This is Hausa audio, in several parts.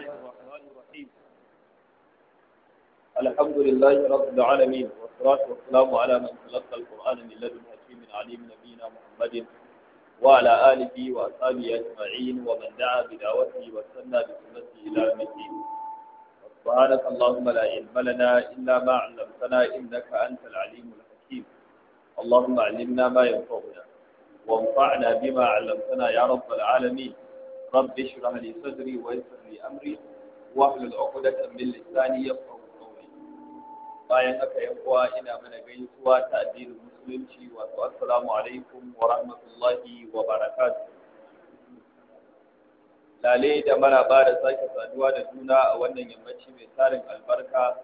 الله الرحمن الرحيم الحمد لله رب العالمين والصلاة والسلام على من تلقى القرآن من لدن حكيم عليم نبينا محمد وعلى آله وأصحابه أجمعين ومن دعا بدعوته وسنى بسنته إلى يوم الدين سبحانك اللهم لا علم لنا إلا ما علمتنا إنك أنت العليم الحكيم اللهم علمنا ما ينفعنا وانفعنا بما علمتنا يا رب العالمين رب اشرح لي صدري ويسر لي أمري واحلل عقدة من لساني يفقه قولي bayan haka yan uwa ina mana gaisuwa ta addinin musulunci wato assalamu alaikum wa rahmatullahi wa barakatuh lale da mana ba da sake saduwa da juna a wannan yammaci mai tarin albarka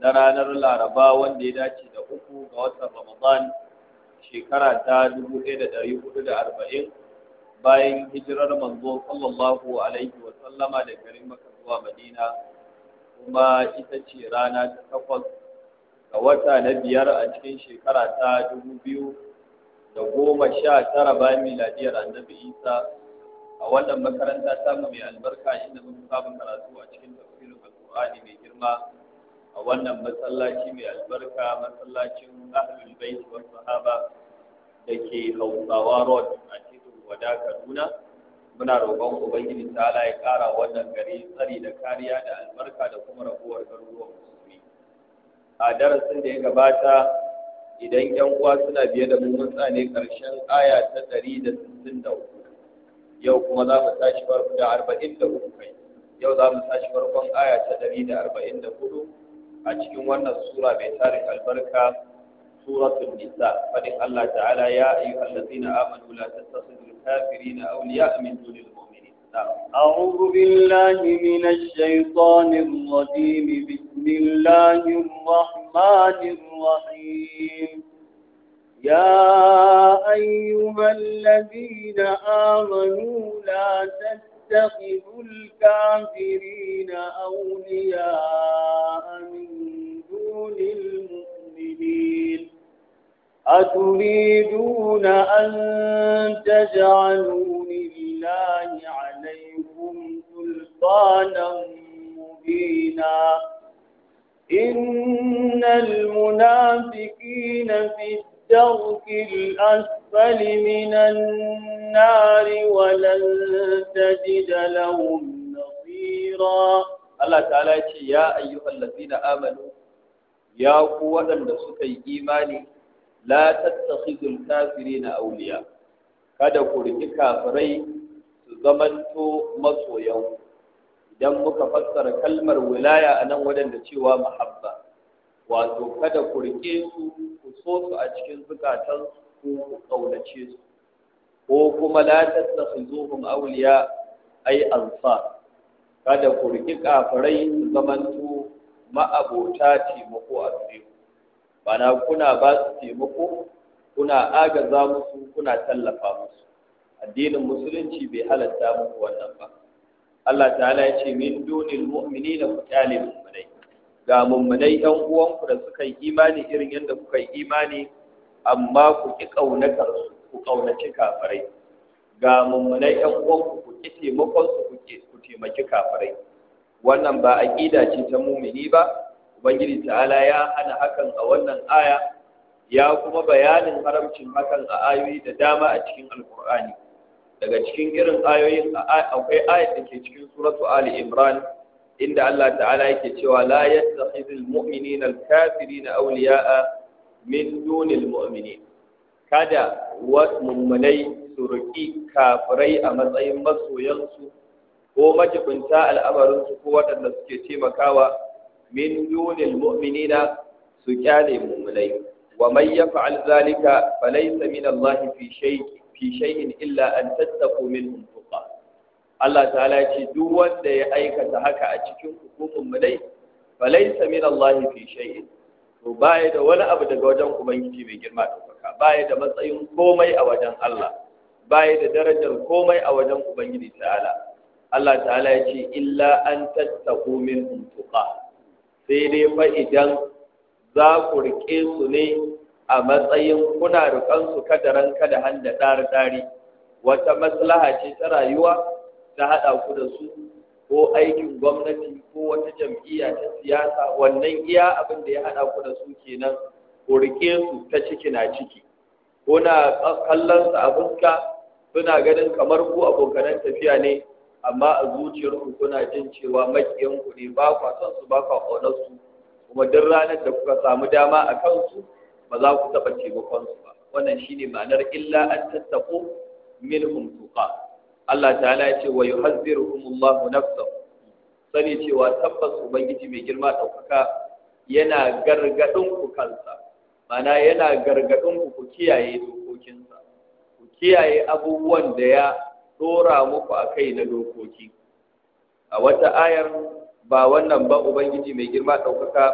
na ranar laraba wanda ya dace da uku ga watan ramadan shekara ta dubu ɗaya da ɗari hudu da arba'in bayan hijirar manzo sallallahu alaihi wa sallama da garin maka zuwa Madina kuma ita ce rana ta takwas ga wata na biyar a cikin shekara ta dubu biyu da goma sha tara bayan miladiyar annabi Isa a wannan makaranta ta mai albarka inda mun samu karatu a cikin tafsirin Alƙur'ani mai girma a wannan masallaci mai albarka masallacin Ahlul Bait wa Sahaba da ke Hausawa Road a cikin Gwada Kaduna muna roƙon Ubangiji ta ya ƙara wannan gari tsari da kariya da albarka da kuma rabuwar garuruwan musulmi. A darasin da ya gabata idan ‘yan uwa suna biye da mun tsane ƙarshen aya ta ɗari da sittin da uku. Yau kuma za mu tashi farko da arba'in da uku kai. Yau za mu tashi farkon aya ta ɗari da arba'in da hudu a cikin wannan sura mai tarin albarka سورة النساء قال الله تعالى يا أيها الذين آمنوا لا تتخذوا الكافرين أولياء من دون المؤمنين نعم. أعوذ بالله من الشيطان الرجيم بسم الله الرحمن الرحيم يا أيها الذين آمنوا لا تتخذوا الكافرين أولياء من دون المؤمنين أتريدون أن تجعلوا لله عليكم سلطانا مبينا إن المنافقين في الدرك الأسفل من النار ولن تجد لهم نصيرا الله تعالى يا أيها الذين آمنوا يا قوة لسكي إيماني la tattakhidul kafirina awliya kada ku riki kafirai su zamanto masoyan idan muka fassara kalmar wilaya a nan wadanda cewa muhabba wato kada ku rike su ku so su a cikin zukatan ku ku kaunace su ko kuma la tattakhizuhum awliya ay ansa kada ku riki kafirai su zamanto ma'abota taimako a gare ku bana kuna ba su taimako kuna agaza musu kuna tallafa musu addinin musulunci bai halatta muku wannan ba Allah ta'ala ya ce min dunil mu'minina qutalil mummunai ga mummunai ɗan uwanku da suka yi imani irin yadda kuka yi imani amma ku ki ƙaunatar su ku ƙaunaci kafirai ga mummunai ɗan uwanku ku ki taimakon su ku taimaki kafirai wannan ba aƙida ce ta mummuni ba ubangiji ta'ala ya hana hakan a wannan aya ya kuma bayanin haramcin hakan a ayoyi da dama a cikin alkur'ani daga cikin irin ayoyin akwai ayat da ke cikin suratu ali imran inda Allah ta'ala yake cewa la yattakhidul mu'minina alkafirina awliya'a min dunil mu'minin kada wasu mummunai su roƙi kafirai a matsayin masoyansu ko majibinta al'amarinsu ko waɗanda suke taimakawa min dunil mu'minina su kyale mu'minai wa man yaf'al zalika falaysa min Allah fi illa an tattaqu minhum tuqa Allah ta'ala ce duk wanda ya aikata haka a cikin hukumun mulai falaysa min Allah fi shay'in to baya wani abu daga wajen ubangiji mai girma ɗaukaka baya da matsayin komai a wajen Allah baya da darajar komai a wajen ubangiji ta'ala Allah ta'ala ya ce illa an tattaku min tuqa sai dai fa idan za ku riƙe su ne a matsayin kuna riƙon su kada ranka da handa tsari-tsari. wata maslaha ce ta rayuwa ta haɗa ku da su ko aikin gwamnati ko wata jam'iyya ta siyasa wannan iya abin da ya haɗa ku da su kenan ku riƙe su ta ciki na ciki kuna kallon su a fuska suna ganin kamar ku abokanan tafiya ne amma a zuciyarku kuna jin cewa makiyanku ne ba kwa son su ba kwa ƙaunarsu kuma duk ranar da kuka samu dama a kansu ba za ku taɓa taimakonsu ba wannan shine ma'anar illa an tattaku minhum tuqa Allah ta'ala ya ce wa yuhazziruhumullahu nafsa? sani cewa tabbas ubangiji mai girma ɗaukaka yana gargaɗin ku kansa mana yana gargaɗin ku ku kiyaye dokokinsa ku kiyaye abubuwan da ya dora muku a kai na dokoki a wata ayar ba wannan ba ubangiji mai girma ɗaukaka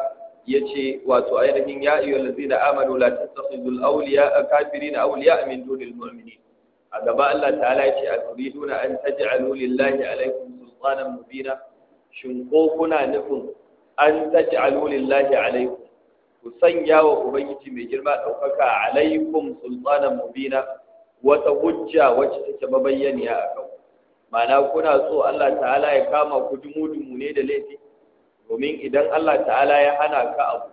ya ce wato ainihin ya iya lalzi da amalu la tattakhidul awliya a kafiri na awliya min dunil mu'mini a gaba Allah ta'ala ya ce a turiduna an taj'alu lillahi alaikum sultanan mubina shin ko kuna nufin an taj'alu lillahi alaikum ku sanya wa ubangiji mai girma ɗaukaka alaikum sultanan mubina wata hujja wacce take mabayyaniya a kan ma'ana kuna so Allah ta'ala ya kama ku dumu-dumu ne da laifi domin idan Allah ta'ala ya hana ka abu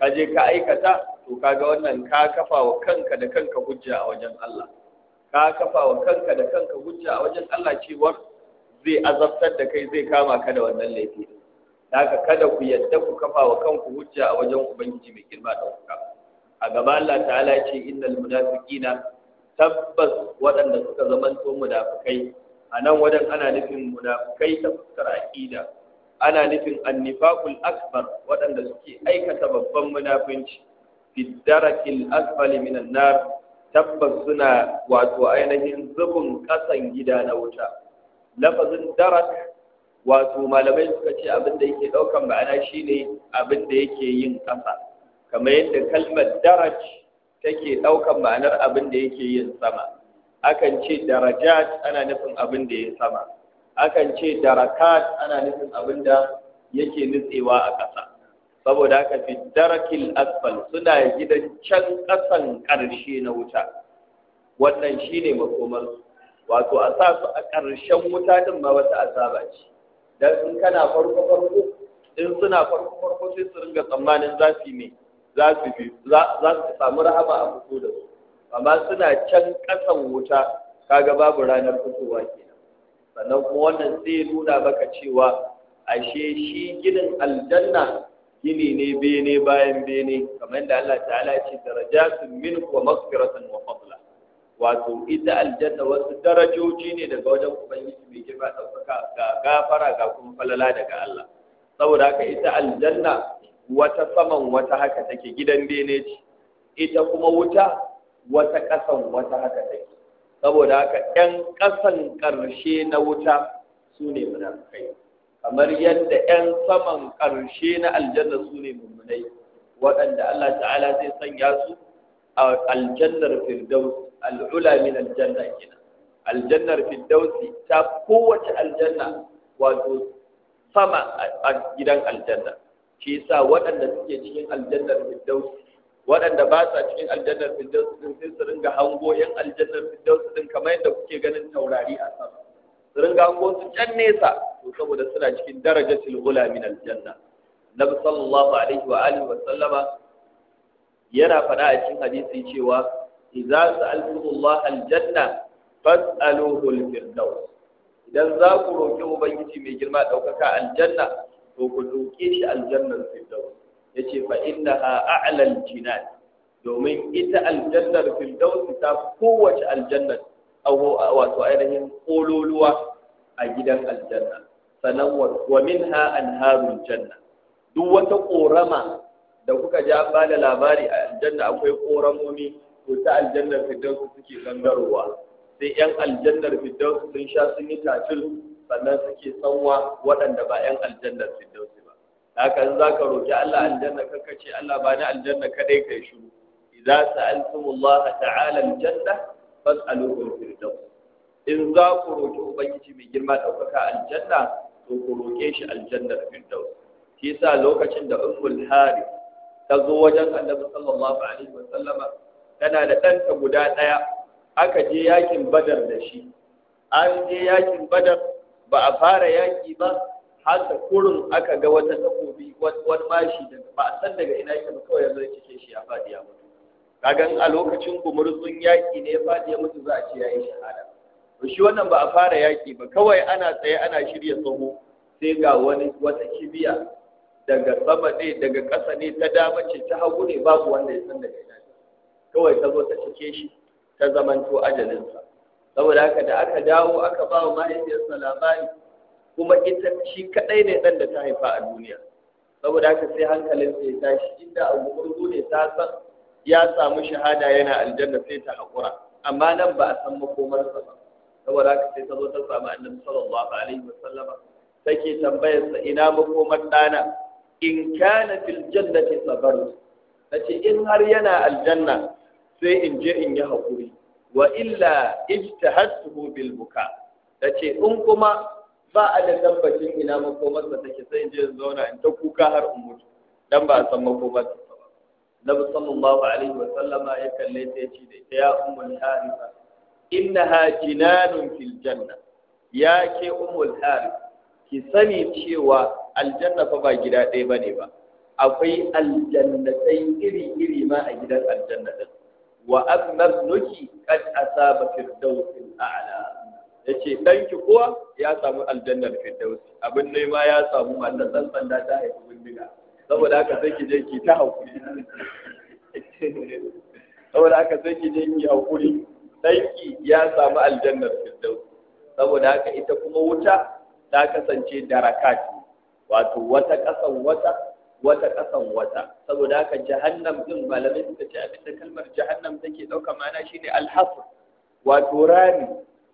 ka je ka aikata to kaga wannan ka kafa wa kanka da kanka hujja a wajen Allah ka kafa wa kanka da kanka hujja a wajen Allah cewa zai azabtar da kai zai kama ka da wannan laifi haka kada ku yadda ku kafa wa kanku hujja a wajen ubangiji mai girma da kuka a gaba Allah ta'ala ce innal munafiqina tabbas waɗanda suka zamanto munafukai a nan wajen ana nufin munafukai ta fuskar aƙida ana nufin annifaqul akbar waɗanda suke aikata babban munafunci fi darakil asfali minan tabbas suna wato ainihin zubin ƙasan gida na wuta lafazin darak wato malamai suka ce abin da yake ɗaukan ma'ana shine abin da yake yin ƙasa kamar yadda kalmar daraj take ɗaukan ma'anar abin da yake yin sama akan ce darajat ana nufin abin da ya sama akan ce darakat ana nufin abin da yake nutsewa a ƙasa saboda haka fi darakil asfal suna gidan can ƙasan ƙarshe na wuta wannan shine makomar wato a sa su a ƙarshen wuta din ma wata azaba ce dan in kana farko farko in suna farko farko sai su ringa tsammanin zafi mai za su samu rahama a fito da su amma suna can ƙasan wuta kaga babu ranar fitowa kenan sannan kuma wannan zai nuna maka cewa ashe shi ginin aljanna gini ne bene bayan bene kamar yadda Allah ta'ala ya ce darajatun min wa maghfiratun wa fadla wato ita aljanna wasu darajoji ne daga wajen ubangiji mai girma ɗaukaka ga gafara ga kuma falala daga Allah saboda haka ita aljanna wata saman wata haka take gidan bene ce ita kuma wuta wata ƙasan wata haka take saboda haka ƴan ƙasan ƙarshe na wuta su ne munafikai kamar yadda ƴan saman ƙarshe na aljanna su ne mummunai waɗanda Allah ta'ala zai sanya su a aljannar firdaus al'ula min aljanna kina aljannar firdausi ta kowace aljanna wato sama a gidan aljanna shi yasa waɗanda suke cikin aljannar firdaus waɗanda ba sa cikin aljannar firdaus din sai su ringa hango yan aljannar firdaus din kamar yadda kuke ganin taurari a sama su ringa hango su can nesa to saboda suna cikin darajatul ghula min aljanna nabi sallallahu alaihi wa alihi wa sallama yana faɗa a cikin hadisi cewa idza sa'altumullah aljanna fas'aluhu alfirdaus idan za ku roki ubangiji mai girma ɗaukaka aljanna to ku doke shi aljannar firdaus yace fa innaha a'la al-jinan domin ita aljannar firdaus ta kowace aljannar wato ainihin kololuwa a gidan aljanna sanan wa minha anharul janna duk wata korama da kuka ja ba da labari a aljanna akwai koramomi to ta aljannar firdaus suke gangarowa sai yan aljannar firdaus sun sha sun yi sannan suke sanwa waɗanda ba 'yan aljannar firdausi ba haka in za ka roƙi Allah aljanna kanka ce Allah ba ni aljanna kadai kai shiru idza sa'altumullah ta'ala aljanna fas'aluhu alfirdaus in za ku roƙi ubangiji mai girma ɗaukaka aljanna to ku roƙe shi aljannar firdaus shi yasa lokacin da ummul harith ta zo wajen annabi sallallahu alaihi wa sallama tana da ɗanta guda ɗaya aka je yakin badar da shi an je yakin badar ba a fara yaki ba har ta kurin aka ga wata takobi wani mashi daga ba a san daga ina yake ba kawai yanzu cike shi ya faɗi ya mutu kagan a lokacin gumurzun yaki ne ya faɗi ya mutu za a ce yi shahada to shi wannan ba a fara yaki ba kawai ana tsaye ana shirya tsoho sai ga wani wata kibiya daga sama ne daga ƙasa ne ta dama ce ta hagu ne babu wanda ya san daga ina kawai ta zo ta cike shi ta zamanto ajalinsa saboda haka da aka dawo aka ba wa mahaifiyarsa labari kuma ita shi kadai ne dan da ta haifa a duniya saboda haka sai hankalin sai shi inda abu gurgu ne ta san ya samu shahada yana aljanna sai ta hakura amma nan ba a san makomarsa ba saboda haka sai ta zo ta samu annabi sallallahu alaihi wasallama take tambayar sa ina makomar dana in kana fil jannati sabaru tace in har yana aljanna sai in je in yi hakuri wa illa ijtahadtuhu bil buka tace in kuma ba a da tabbacin ina makomarsa take sai je zauna in ta kuka har in mutu dan ba a san makomarsa ba nabi sallallahu alaihi wa sallama ya kalle ta yace da ita ya ummul harisa innaha jinanun fil janna ya ke ummul harisa ki sani cewa aljanna fa ba gida ɗaya bane ba akwai aljannatai iri-iri ma a gidan aljanna wa abnar nuki kad asaba firdausil a'la yace danki kuwa ya samu aljannar firdausi abin ne ma ya samu wannan zanzan da ta haifi bindiga saboda haka sai ki je ki ta hakuri saboda haka sai ki je ki hakuri danki ya samu aljannar firdausi saboda haka ita kuma wuta ta kasance darakat wato wata kasan wata wata ƙasan wata saboda haka jahannam ɗin, malamai suka ce abin da kalmar jahannam take ɗauka mana ne alhasu wato rami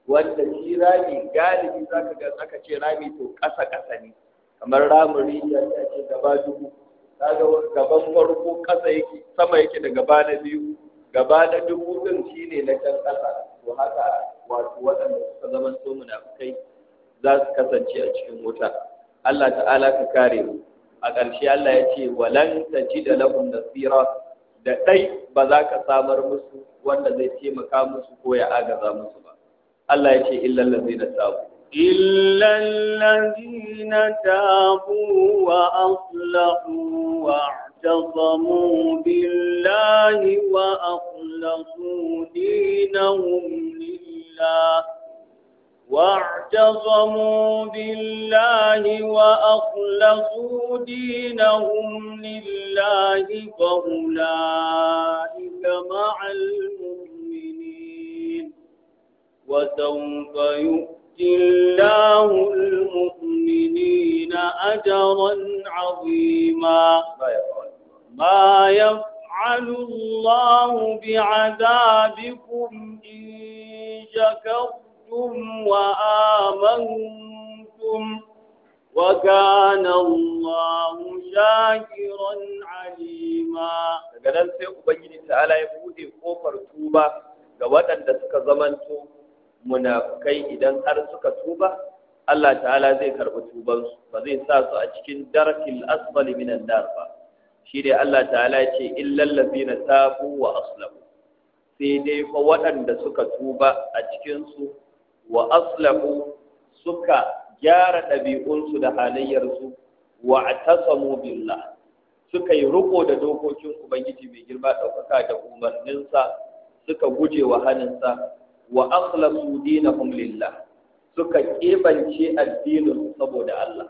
wanda shi rami galibi ka ga aka ce rami to ƙasa ƙasa ne kamar ramin rijiya ta ce gaba dubu kaga gaban farko ƙasa yake sama yake da gaba na biyu gaba na dubu din ne na can ƙasa to haka wato waɗanda suka zama so munafukai za su kasance a cikin wuta Allah ta'ala ka kare mu a ƙarshe Allah ya ce walan tajida da nasira da ɗai ba za ka samar musu wanda zai taimaka musu ko ya agaza musu ba Allah ya ce illal ladzina tabu illal ladzina tabu wa aslahu wa اعتصموا بالله وأخلصوا دينهم لله واعتصموا بالله وأخلصوا دينهم لله فأولئك مع المؤمنين وسوف يؤتي الله المؤمنين أجرا عظيما ما يفعل الله بعذابكم إن شكرتم تُبْتُمْ وَآمَنْتُمْ وَكَانَ اللَّهُ شَاكِرًا عَلِيمًا daga nan sai ubangiji ta'ala ya bude kofar tuba ga waɗanda suka zamanto munafukai idan har suka tuba Allah ta'ala zai karɓi tubansu ba zai sa su a cikin darkil asbali minan nar ba shi dai Allah ta'ala ya ce illal ladina tabu wa aslamu sai dai fa waɗanda suka tuba a cikinsu wa aslahu suka gyara ɗabi'unsu da halayyarsu wa atasamu billah suka yi riko da dokokin ubangiji mai girma ɗaukaka da umarninsa suka guje wa haninsa wa akhlasu dinahum lillah suka kebance addinin saboda Allah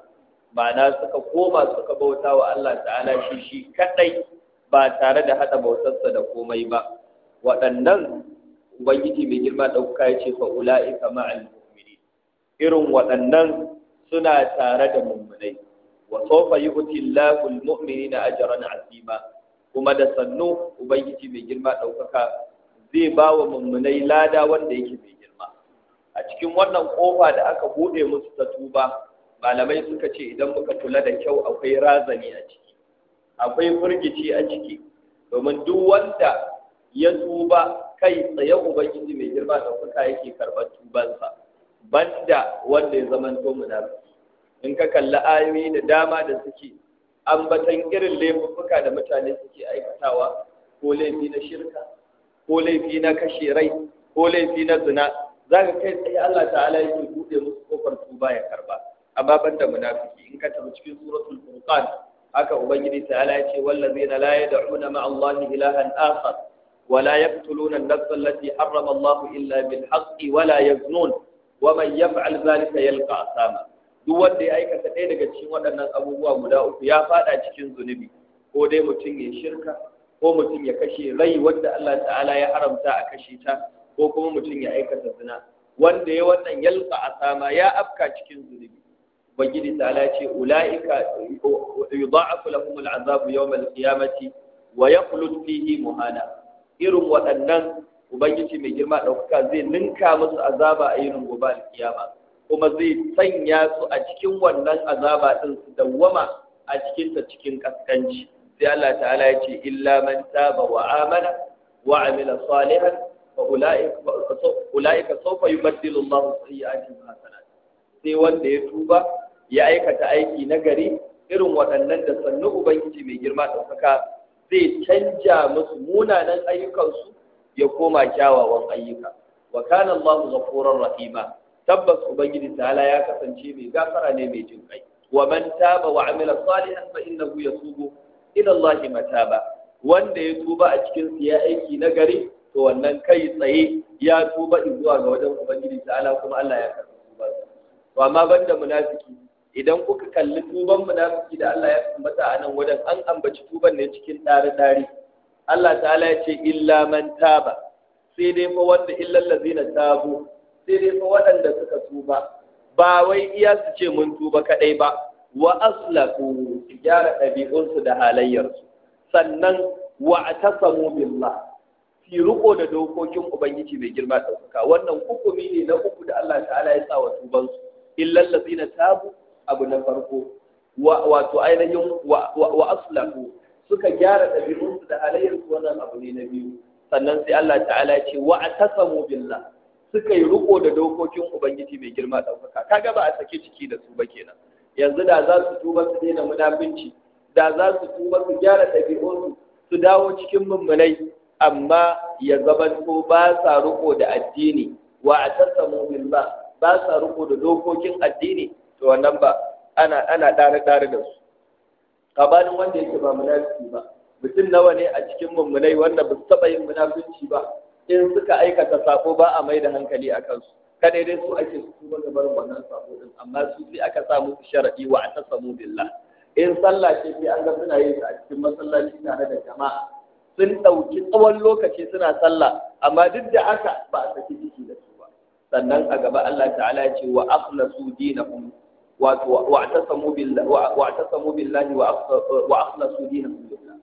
ma'ana suka koma suka bauta wa Allah ta'ala shi shi kadai ba tare da hada bautarsa da komai ba waɗannan ubangiji mai girma ɗauka ya ce fa ula'ika ma'al mu'minin irin waɗannan suna tare da mummunai wa sawfa yu'ti Allahu al-mu'minina ajran 'azima kuma da sannu ubangiji mai girma ɗaukaka zai ba wa mummunai lada wanda yake mai girma a cikin wannan kofa da aka buɗe musu ta tuba malamai suka ce idan muka kula da kyau akwai razani a ciki akwai furgici a ciki domin duk wanda ya tuba kai tsaye ubangiji mai girma da kuka yake karɓar tubansa banda wanda ya zamanto munafiki in ka kalli ayoyi da dama da suke ambatan irin laifuka da mutane suke aikatawa ko laifi na shirka ko laifi na kashe rai ko laifi na zina za ka kai tsaye Allah ta'ala yake buɗe musu kofar tuba ya karba amma banda munafiki in ka tafi cikin suratul furqan haka ubangiji ta'ala ya ce wallazina la yad'una ma'a ilahan akhar ولا يقتلون النفس التي حرم الله إلا بالحق ولا يزنون ومن يفعل ذلك يلقى أثاما duk wanda ya aikata ɗaya daga cikin waɗannan abubuwa guda uku ya faɗa cikin zunubi ko dai mutum ya shirka ko mutum ya kashe rai wanda Allah ta'ala ya haramta a kashe ta ko kuma mutum ya aikata zina wanda ya wannan yalka asama ya afka cikin zunubi ubangiji ta'ala ce ula'ika yudha'afu kula al'azabu yawm al-qiyamati wa yakhlud fihi muhana irin waɗannan ubangiji mai girma ɗaukaka zai ninka musu azaba a irin gobe alkiyama kuma zai sanya su a cikin wannan azaba ɗin su dawwama a cikin ta cikin kaskanci sai Allah ta'ala ya ce illa man taba wa amana wa amila salihan fa ulaika sawfa yubaddilu Allahu sayyi'atihim hasanat sai wanda ya tuba ya aikata aiki nagari irin waɗannan da sannu ubangiji mai girma ɗaukaka zai canja musu munanan ayyukansu ya koma kyawawan ayyuka wa kana Allahu ghafurur rahima tabbas ubangiji ta'ala ya kasance mai gafara ne mai jin kai wa man taba wa amila salihan fa innahu yatubu ila Allahi mataba wanda ya tuba a cikin ya aiki na gari to wannan kai tsaye ya tuba zuwa ga wajen ubangiji ta'ala kuma Allah ya karɓi ba. to amma banda munafiki idan kuka kalli tuban munafiki da Allah ya ambata a nan wajen an ambaci tuban ne cikin ɗari-ɗari Allah ta'ala ya ce illa man taba sai dai fa wanda illal ladzina tabu sai dai fa waɗanda suka tuba ba wai iya su ce mun tuba kadai ba wa aslaku gyara ɗabi'unsu da halayyarsu sannan wa atasamu billah fi riko da dokokin ubangiji mai girma ɗaukaka wannan hukumi ne na uku da Allah ta'ala ya sa wa tubansu illal ladzina tabu abu na farko wato ainihin wa aslahu suka gyara ɗabi'unsu da halayyarsu wannan abu ne na biyu sannan sai Allah ta'ala ce wa atasamu billah suka yi riko da dokokin ubangiji mai girma ɗaukaka kaga ba a sake ciki da su ba kenan yanzu da za su tuba su daina munafinci da za su tuba su gyara ɗabi'unsu su dawo cikin mummunai amma ya zama ko ba sa riko da addini wa atasamu billah ba sa riko da dokokin addini to wannan ba ana ana dare dare da su kabanin wanda yake ba munafiki ba mutum nawa ne a cikin mummunai wanda ba su taɓa yin munafici ba in suka aikata sako ba a mai da hankali a kansu kada dai su ake su kuma da barin wannan sako din amma su sai aka sa musu sharadi wa atasamu billah in sallah ce sai an ga suna yin a cikin masallaci tare da jama'a sun ɗauki tsawon lokaci suna sallah amma duk da aka ba a saki jiki da su ba sannan a gaba Allah ta'ala ya ce wa akhlasu dinakum wato wa'tasamu billahi wa'tasamu billahi wa akhlasu dinahum lillah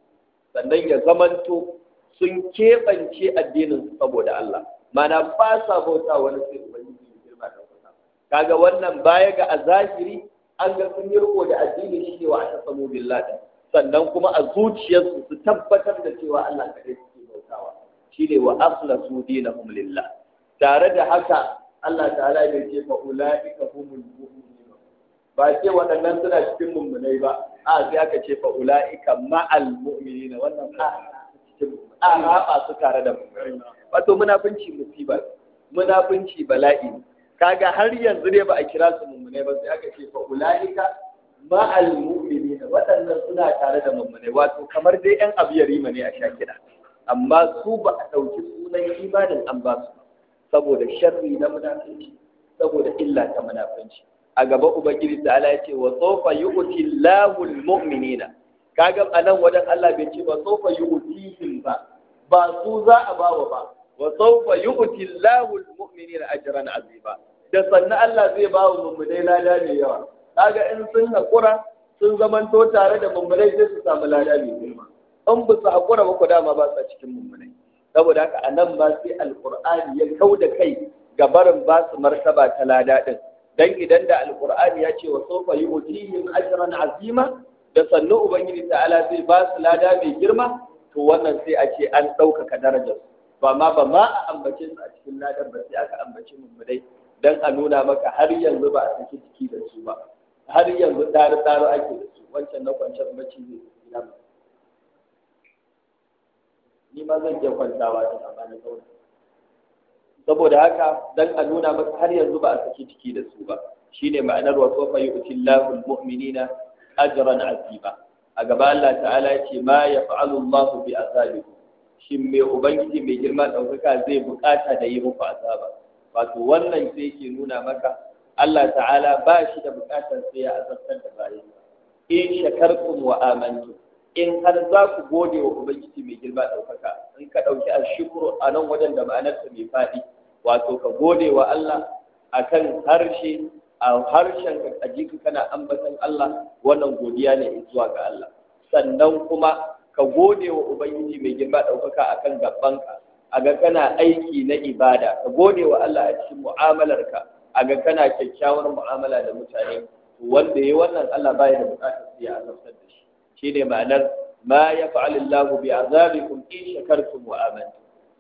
sannan ya zamanto sun keɓance addinin saboda Allah mana ba sa bauta wani sai ubangiji ya girma da kusa kaga wannan baya ga azahiri an ga sun yi riko da addini ne wa atasamu billahi sannan kuma a zuciyarsu su tabbatar da cewa Allah kadai suke bautawa shine wa akhlasu dinahum lillah tare da haka Allah ta'ala bai ce fa ulaika humul mu'minun ba ce waɗannan suna cikin mummunai ba a sai aka ce fa ula'ika ma'al mu'minina wannan a haɓa su tare da mummunai wato munafunci musiba munafunci bala'i kaga har yanzu ne ba a kira su mummunai ba sai aka ce fa ula'ika ma'al mu'minina waɗannan suna tare da mummunai wato kamar dai yan abu rima ne a sha kiɗa amma su ba a ɗauki sunan imanin an ba su saboda sharri na munafunci saboda illa ta munafunci a gaba ubangiji ta ala ce wa tsofa yu'ti lahul mu'minina kaga anan wajen Allah bai ce wa tsofa yu'tihim ba ba su za a bawa ba wa tsofa yu'ti lahul mu'minina ajran azima da sannan Allah zai ba wa mummunai lada mai yawa kaga in sun haƙura sun zamanto tare da mummunai zai su samu lada mai girma in ba su haƙura ba ku dama ba sa cikin mummunai saboda haka a nan ba sai alƙur'ani ya kau da kai ga barin ba su martaba ta lada ɗin dan idan da alqur'ani ya ce wa sawfa yu'tihim ajran azima da sannu ubangiji ta'ala zai ba su lada mai girma to wannan sai a ce an ɗaukaka darajar ba ma ba ma a ambace su a cikin ladar ba sai aka ambace dai. dan a nuna maka har yanzu ba a saki jiki da su ba har yanzu tsari tsari ake da su wancan na kwancan bacci ne ba ni ma zan je kwantawa da amana zauna saboda haka dan a nuna maka har yanzu ba a saki ciki da su ba shine ma'anar wa sawfa yu'tillahu almu'minina ajran azima a gaba Allah ta'ala yace ma yaf'alu Allahu bi azabikum shin me ubangiji mai girma daukaka zai bukata da yi muku azaba wato wannan sai yake nuna maka Allah ta'ala ba shi da bukatar sai ya azabtar da bayan in shakartum wa amantum in har za ku gode wa ubangiji mai girma daukaka in ka dauki ashkuru a nan wajen da ma'anar ta mai fadi wato ka gode wa Allah kan harshe a harshen ka ajika kana ambatan Allah wannan godiya ne zuwa ga Allah sannan kuma ka gode wa ubangiji mai girma ɗaukaka akan gabanka a ga kana aiki na ibada ka gode wa Allah a cikin mu'amalarka a ga kana kyakkyawar mu'amala da mutane wanda ya wannan Allah baya da bukatar sai ya azabtar da shi shine ma'anar ma yaf'alillahu bi azabikum in shakartum wa amantum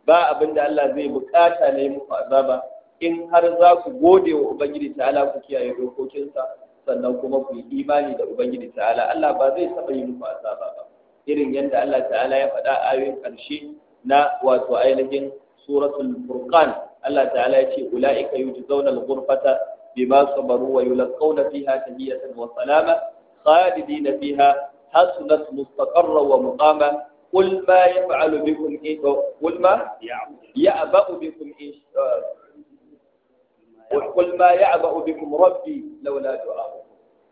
ba abin da Allah zai bukata na yi muku azaba in har za ku gode wa Ubangiji ta'ala ku kiyaye dokokinsa sannan kuma ku yi imani da Ubangiji ta'ala Allah ba zai taɓa yi muku azaba ba irin yadda Allah ta'ala ya faɗa a ayoyin ƙarshe na wato ainihin suratul furqan Allah ta'ala ya ce ula'ika yujzauna al-ghurfata bima sabaru wa yulqawna fiha tahiyatan wa salama khalidina fiha hasunat mustaqarra wa muqama قل ما يفعل بكم إيه قل ما يعبأ بكم إيه قل ما يعبأ بكم ربي لولا دعاءكم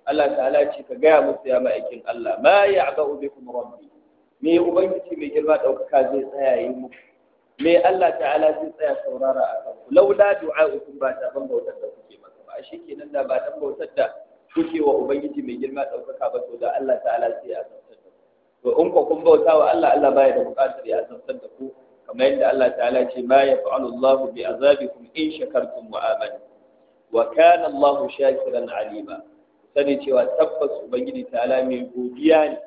Allah ta'ala ce ka gaya musu ya ma'aikin Allah ma ya'ba'u bikum rabbi me ubangiji mai girma ɗaukaka zai tsaya yi mu? me Allah ta'ala zai tsaya saurara a kan ku du'a du'a'ukum ba ta ban bautar da kuke masa ba shikenan da ba ta bautar da kuke wa ubangiji mai girma ɗaukaka ba to da Allah ta'ala sai ya to in ko kun bauta wa Allah Allah baya da buƙatar ya azabtar da ku kamar yadda Allah ta'ala ce ma yaf'alu Allahu bi azabikum in shakartum wa amantum wa kana Allahu shakiran alima sani cewa tabbas ubangiji ta'ala mai godiya ne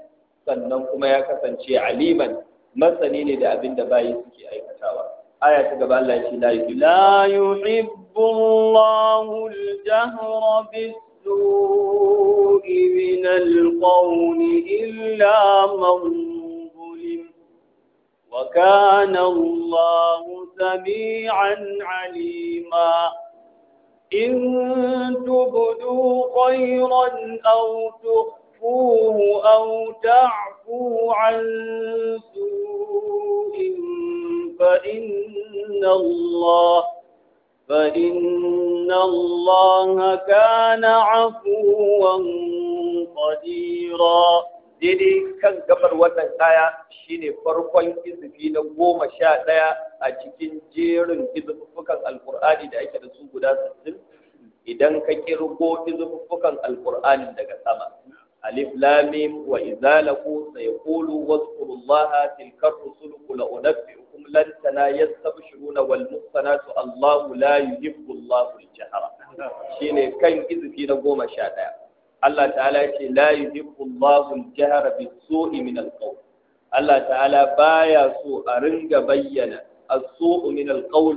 sannan kuma ya kasance aliman masani ne da abin da bayi suke aikatawa aya ta gaba Allah ya ce la yuhibbu Allahu al-jahra bis السوء من القول إلا من ظلم وكان الله سميعا عليما إن تبدوا خيرا أو تخفوه أو تعفو عن سوء فإن الله فإن الله كان عفوا قديرا daidai kan gabar wannan aya shine farkon izifi na goma sha ɗaya a cikin jerin izufuffukan alkur'ani da ake da su guda sittin idan ka kirgo izufuffukan alkur'ani daga sama alif lamim wa izalaku sayqulu wasqurullaha tilkar rusulu la unabbi منكم لن تنايا يستبشرون والمحصنات الله لا يحب الله الجهر شيني كان إذ فينا قوم شادا الله تعالى لا يحب الله الجهر بالسوء من القول الله تعالى بايا سوء رنج بينا السوء من القول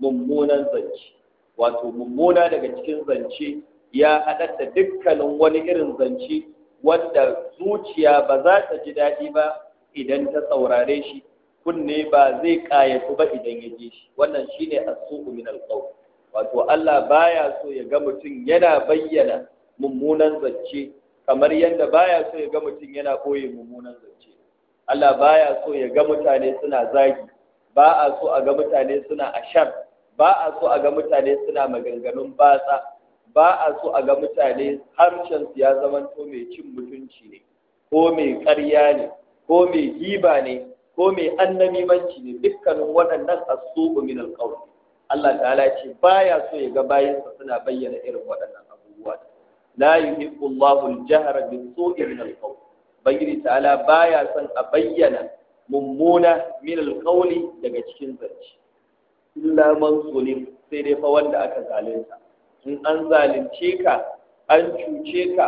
ممونا زنشي wato mummuna daga cikin zance ya haɗar da dukkanin wani irin zance wanda zuciya ba za ta ji daɗi ba idan ta saurare shi kunne ba zai kayatu ba idan ya ji shi wannan shine as-su'u min al-qawl wato Allah baya so ya ga mutum yana bayyana mummunan zance kamar yadda baya so ya ga mutum yana koyi mummunan zance Allah baya so ya ga mutane suna zagi ba a so a ga mutane suna ashar ba a so a ga mutane suna maganganun batsa ba a so a ga mutane harshen su ya to mai cin mutunci ne ko mai ƙarya ne ko mai giba ne ko mai annabimanci ne dukkanin waɗannan asubu min Allah ta'ala ce baya so ya ga bayansa suna bayyana irin waɗannan abubuwa la yuhibbu Allahu al-jahra bis-su'i min alqawl bangiri ta'ala baya son a bayyana mummuna min daga cikin zance illa man zulim sai dai fa wanda aka zalunta in an zalunce ka an cuce ka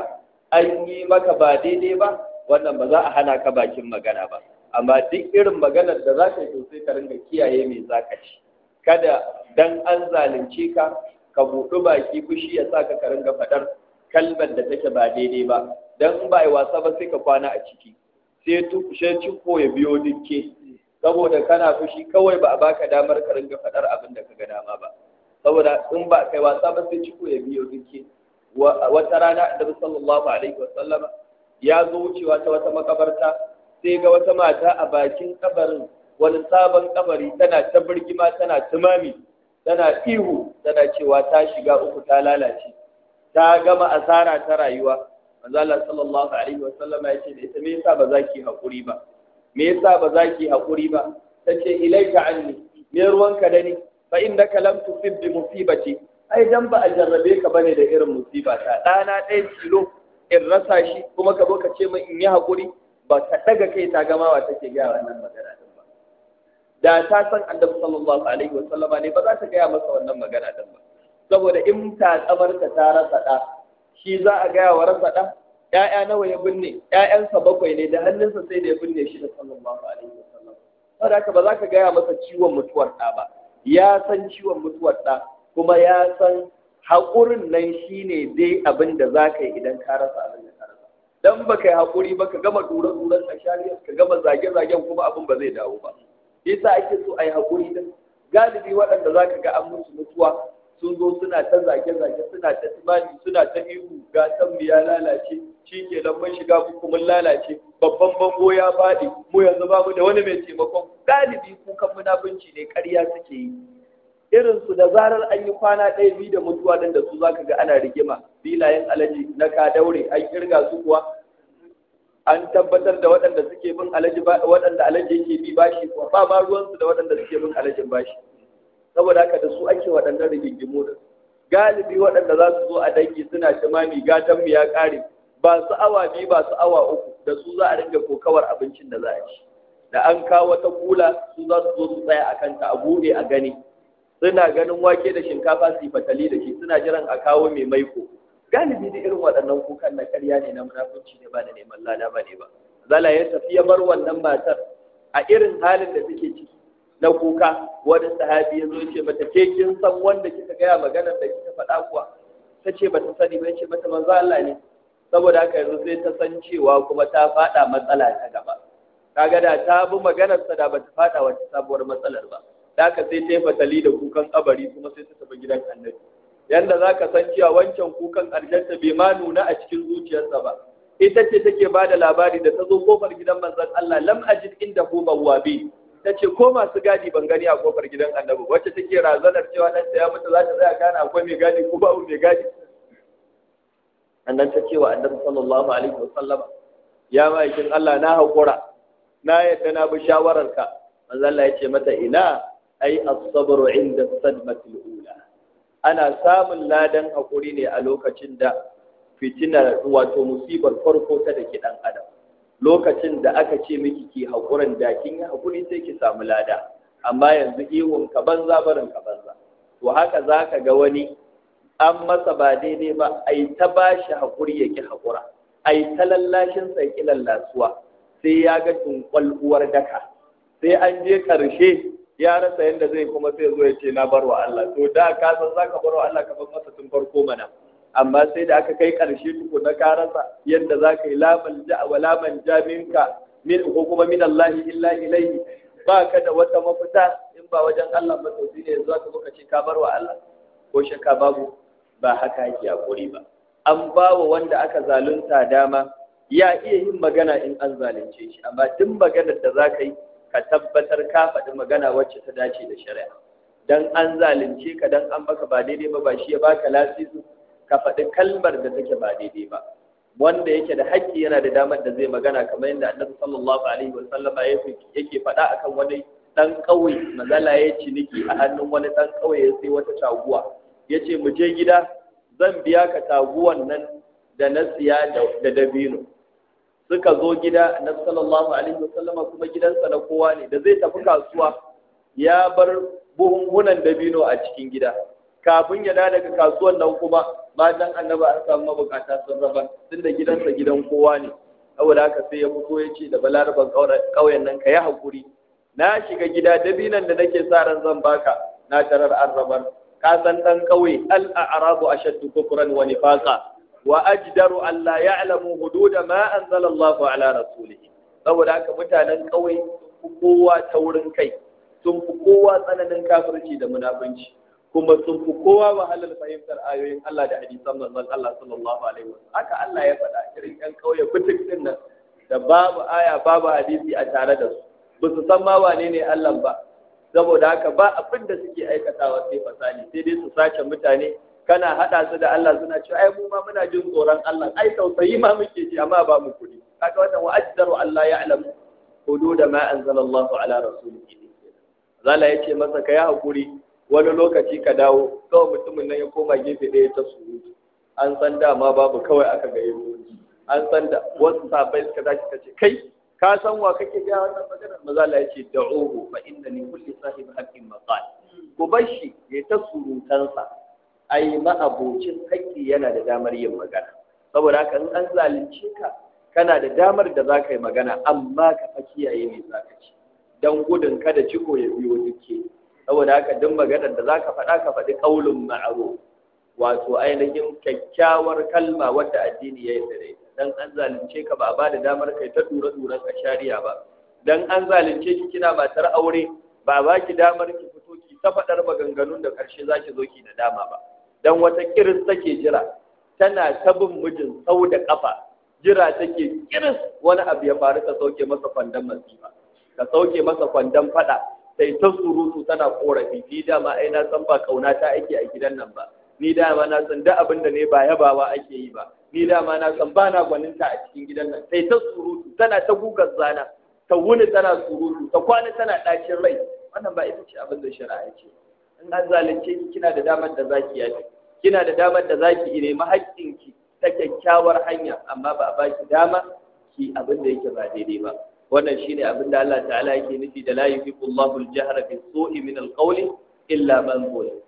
an yi maka ba daidai ba wannan ba za a hana ka bakin magana ba amma duk irin maganar da za ka yi sosai ka ringa kiyaye mai za ka ci kada dan an zalunce ka ka buɗu baki fushi ya sa ka ringa faɗar kalmar da take ba daidai ba dan in ba yi wasa ba sai ka kwana a ciki sai ci ko ya biyo dukke saboda kana fushi kawai ba a baka damar ka ringa faɗar abin da ka ga dama ba saboda in ba kai wasa ba sai ko ya biyo dukke wata rana da sallallahu alaihi wa sallama ya zo wucewa ta wata makabarta sai ga wata mata a bakin kabarin wani sabon kabari tana ta birgima tana tumami tana ihu tana cewa ta shiga uku ta lalace ta gama asara ta rayuwa manzo Allah sallallahu alaihi wa sallama yace da ita me yasa ba za ki hakuri ba me yasa ba za ki hakuri ba tace ilaika anni me ruwanka da ni fa innaka lam tusib bi musibati ai dan ba a jarrabe ka bane da irin musiba ta dana ɗaya tilo in rasa shi kuma ka zo ka ce min in yi hakuri ba ta daga kai ta gama wa take gaya wannan magana din ba da ta san annabi sallallahu alaihi wasallam ne ba za ta gaya masa wannan magana din ba saboda in ta tsabar ta rasa sada shi za a gaya wa rasa da ƴaƴa nawa ya binne ƴaƴansa bakwai ne da hannunsa sai da ya binne shi da sallallahu alaihi wasallam saboda haka ba za ka gaya masa ciwon mutuwar ɗa ba ya san ciwon mutuwar ɗa kuma ya san haƙurin nan shine dai abin da za ka yi idan ka rasa abin dan baka yi hakuri ba ka gama dura duran ashariyar ka gama zage zagen kuma abin ba zai dawo ba yasa ake so ayi hakuri din galibi waɗanda za ka ga an musu mutuwa sun zo suna ta zage zage suna ta tsimani suna ta ihu ga san ya lalace shi ke nan mun shiga hukumin lalace babban bango ya faɗi mu yanzu babu da wani mai taimakon galibi kukan munafunci ne ƙarya suke yi irin su da zarar an yi kwana ɗaya biyu da mutuwa ɗin da su za ka ga ana rigima filayen alaji na ka daure an kirga su kuwa an tabbatar da waɗanda suke bin alaji waɗanda alaji yake bi bashi kuwa ba ma ruwansu da waɗanda suke bin alajin bashi saboda haka da su ake waɗannan rigingimu da galibi waɗanda za su zo a dangi suna shimami gatan mu ya ƙare ba su awa biyu ba su awa uku da su za a dinga kokawar abincin da za a ci da an kawo wata kula su za su zo su tsaya a kanta a buɗe a gani suna ganin wake da shinkafa su fatali da shi suna jiran a kawo mai maiko galibi da irin waɗannan kukan na ƙarya ne na munafunci ne ba da neman lada ba ne ba zala ya tafi ya bar wannan matar a irin halin da suke ciki na kuka wani sahabi ya zo ce mata ke kin san wanda kika gaya maganar da kika faɗa kuwa ta ce bata sani ba ce mata manzo Allah ne saboda haka yanzu sai ta san cewa kuma ta faɗa matsala ta gaba kaga da ta bi maganarsa da bata faɗa wata sabuwar matsalar ba da ka sai ta yi fatali da kukan kabari kuma sai ta tafi gidan annabi yanda za ka san cewa wancan kukan ƙarshenta bai ma nuna a cikin zuciyarsa ba ita ce take ba da labari da ta zo kofar gidan manzon Allah lam ajid inda hu bawwabi ta ce ko masu gadi ban gani a kofar gidan annabi wacce take razanar cewa ta ya mutu za ta tsaya kana akwai mai gadi ko babu mai gadi annan ta ce wa annabi sallallahu alaihi wa sallama ya ma'aikin Allah na haƙura na yadda na bi shawararka manzon Allah ya ce mata ina ai as-sabru inda al ula ana samun ladan hakuri ne a lokacin da fitinar wato musibar farko ta dake dan adam lokacin da aka ce miki ki hakurin da kin yi hakuri sai ki samu lada amma yanzu iwon ka banza barin ka banza to haka zaka ga wani an masa ba daidai ba ai ta bashi hakuri yake hakura ai ta lallashin sai ki lallasuwa sai ya ga tunkwal uwar daka sai an je karshe ya rasa yadda zai kuma sai zo ya ce na bar wa Allah to da ka san ka bar wa Allah ka bar masa tun farko mana amma sai da aka kai ƙarshe tuku na ka rasa yadda ka yi lamal ja'awa wa lamal ka. min ko kuma min Allah illa ilaihi ba ka da wata mafita in ba wajen Allah ba to ne yanzu zaka kuka ce ka bar wa Allah ko shakka babu ba haka yake hakuri ba an ba wa wanda aka zalunta dama ya iya yin magana in an zalunce shi amma duk maganar da za ka yi ka tabbatar ka faɗi magana wacce ta dace da shari'a dan an zalunce ka dan an baka ba daidai ba ba shi ya baka lasisi ka faɗi kalmar da take ba daidai ba wanda yake da haƙƙi yana da damar da zai magana kamar yadda annabi sallallahu alaihi wa sallama yake faɗa akan wani dan ƙauye mazala ya ciniki a hannun wani dan ƙauye ya sai wata taguwa ya ce mu je gida zan biya ka taguwan nan da na siya da dabino suka zo gida na sallallahu alaihi wasallama kuma gidansa na kowa ne da zai tafi kasuwa ya bar buhunhunan dabino a cikin gida kafin ya da daga kasuwan nan kuma matan annabi an samu mabukata sun raba tun da gidansa gidan kowa ne saboda haka sai ya fito ya ce da balaraban ƙauyen nan ka yi hakuri. na shiga gida dabinan da nake sa ran zan baka na tarar an rabar ka san ɗan ƙauye al a'rabu ashaddu kufran wa nifaqa wa ajdaru alla ya'lamu hududa ma anzala Allah ala rasulih saboda haka mutanen kawai sun kowa wurin kai sun fi kowa tsananin kafirci da munafunci kuma sun fi kowa wahalar fahimtar ayoyin Allah da hadisan manzon Allah sallallahu alaihi wasallam haka Allah ya faɗa irin ƴan kauye fitik din nan da babu aya babu hadisi a tare da su ba su san ma wane ne Allah ba saboda haka ba abin da suke aikatawa sai fasali sai dai su sace mutane kana haɗa su da Allah suna cewa ai mu ma muna jin tsoron Allah ai tausayi ma muke ji amma ba mu kuɗi kaga wannan wa ajdaru Allah ya'lam hudud ma anzalallahu ala rasulihi zala yace masa kai hakuri wani lokaci ka dawo kawai mutumin nan ya koma gefe ɗaya ta surutu an san dama babu kawai aka ga yau an san da wasu sabai suka tashi ta ce kai ka san wa kake ga wannan maganar mazala yace da'uhu fa inna li kulli sahibi haqqin maqal ku bar shi ya ta surutansa ai ma'abocin haƙƙi yana da damar yin magana saboda haka in an zalunce ka kana da damar da za ka yi magana amma ka fa kiyaye mai za ci don gudun kada ciko ya biyo dukke saboda haka duk maganar da za ka faɗa ka faɗi ƙaulun ma'aro wato ainihin kyakkyawar kalma wadda addini ya yi da dan an zalunce ka ba ba da damar kai ta dura duran ka shari'a ba dan an zalunce ki kina matar aure ba ba ki damar ki fito ki ta faɗar maganganun da karshe za ki zo ki dama ba dan wata kiris take jira tana ta bin mijin sau da kafa jira take kiris wani abu ya faru ka sauke masa kwandon masifa ka sauke masa kwandon fada sai ta surutu tana korafi ni dama ai na san ba kauna ta ake a gidan nan ba ni dama na san da abin da ne ba yabawa ake yi ba ni dama na san ba na gwaninta a cikin gidan nan sai ta surutu tana ta gugar zana ta wuni tana surutu ta kwana tana dakin rai wannan ba ita ce abin da shari'a ce in an zalunce ki kina da damar da zaki yi kina da damar da zaki ki nemi haƙƙinki ta kyakkyawar hanya amma ba a baki dama ki abin da yake ba daidai ba wannan shine abin da Allah ta'ala yake nufi da la yuhibbu Allahu al-jahra bi su'i min al-qawli illa man zulim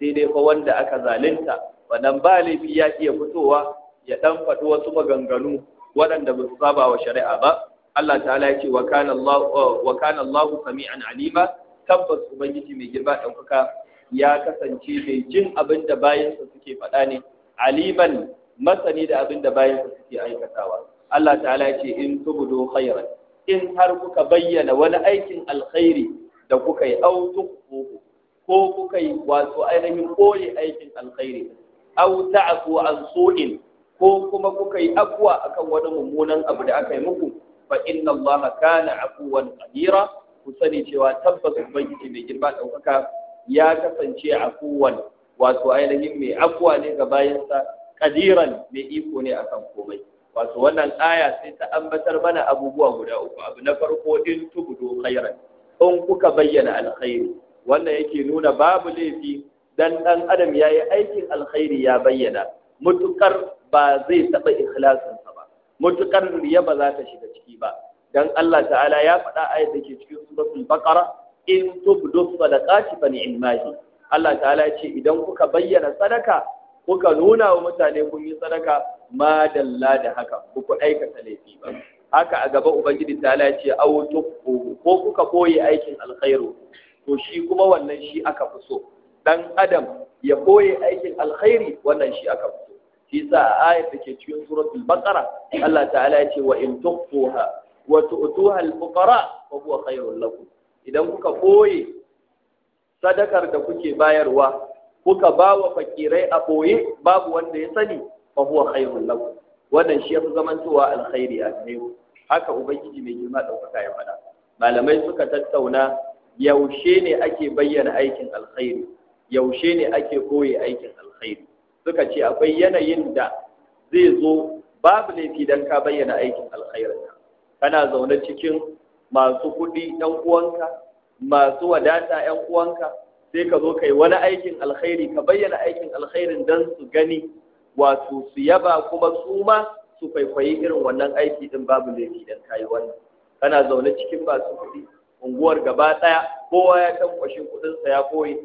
sai dai fa wanda aka zalunta wannan ba laifi ya iya fitowa ya dan faɗi wasu maganganu waɗanda ba su saba wa shari'a ba Allah ta'ala yake wa kana Allah wa kana sami'an alima tabbas ubangiji mai girba ɗaukaka ya kasance mai jin abin da bayansa suke faɗa ne aliman masani da abin da bayansa suke aikatawa Allah ta'ala ya ce in tubudu khairan in har kuka bayyana wani aikin alkhairi da kuka yi au ko kuka yi wato ainihin koyi aikin alkhairi au ta'fu an su'in ko kuma kuka yi a akan wani mummunan abu da aka yi muku fa inna Allah kana afuwan qadira ku sani cewa tabbas ubangiji mai girma daukaka ya kasance afuwan wato ainihin mai afuwa ne ga bayansa kadiran mai iko ne a kan komai wato wannan aya sai ta ambatar mana abubuwa guda uku abu na farko in tubudu khairan in kuka bayyana alkhairi wannan yake nuna babu laifi dan dan adam yayi aikin alkhairi ya bayyana mutukar ba zai taɓa ikhlasinsa ba mutukar riya ba za ta shiga ciki ba dan Allah ta'ala ya faɗa ayat da ke cikin suratul baqara in tubdu sadaqati fa ni'mahi Allah ta'ala ya ce idan kuka bayyana sadaka kuka nuna wa mutane kun yi sadaka ma dalla da haka kuku aikata laifi ba haka a gaba ubangiji ta'ala ya ce aw ko kuka koyi aikin alkhairu to shi kuma wannan shi aka fi so dan adam ya koyi aikin alkhairi wannan shi aka fi so shi a ayat da ke cikin suratul baqara Allah ta'ala ya ce wa in tukhuha wa tu'tuha al-fuqara fa huwa khairul lakum idan kuka ɓoye sadakar da kuke bayarwa kuka ba wa fakirai a ɓoye babu wanda ya sani ba huwa khairul lakum wannan shi yafi zamantowa alkhairi a gare haka ubangiji mai girma ɗaukaka ya faɗa malamai suka tattauna yaushe ne ake bayyana aikin alkhairi yaushe ne ake koye aikin alkhairi suka ce akwai yanayin da zai zo babu laifi dan ka bayyana aikin alkhairi kana zaune cikin masu kuɗi ɗan uwanka masu wadata ɗan uwanka sai ka zo yi wani aikin alkhairi ka bayyana aikin alkhairin dan su gani wato su yaba kuma su ma su kwaikwayi irin wannan aiki din babu laifi dan kayi wannan kana zaune cikin masu kuɗi unguwar gaba ɗaya kowa ya kuɗin kuɗinsa ya koyi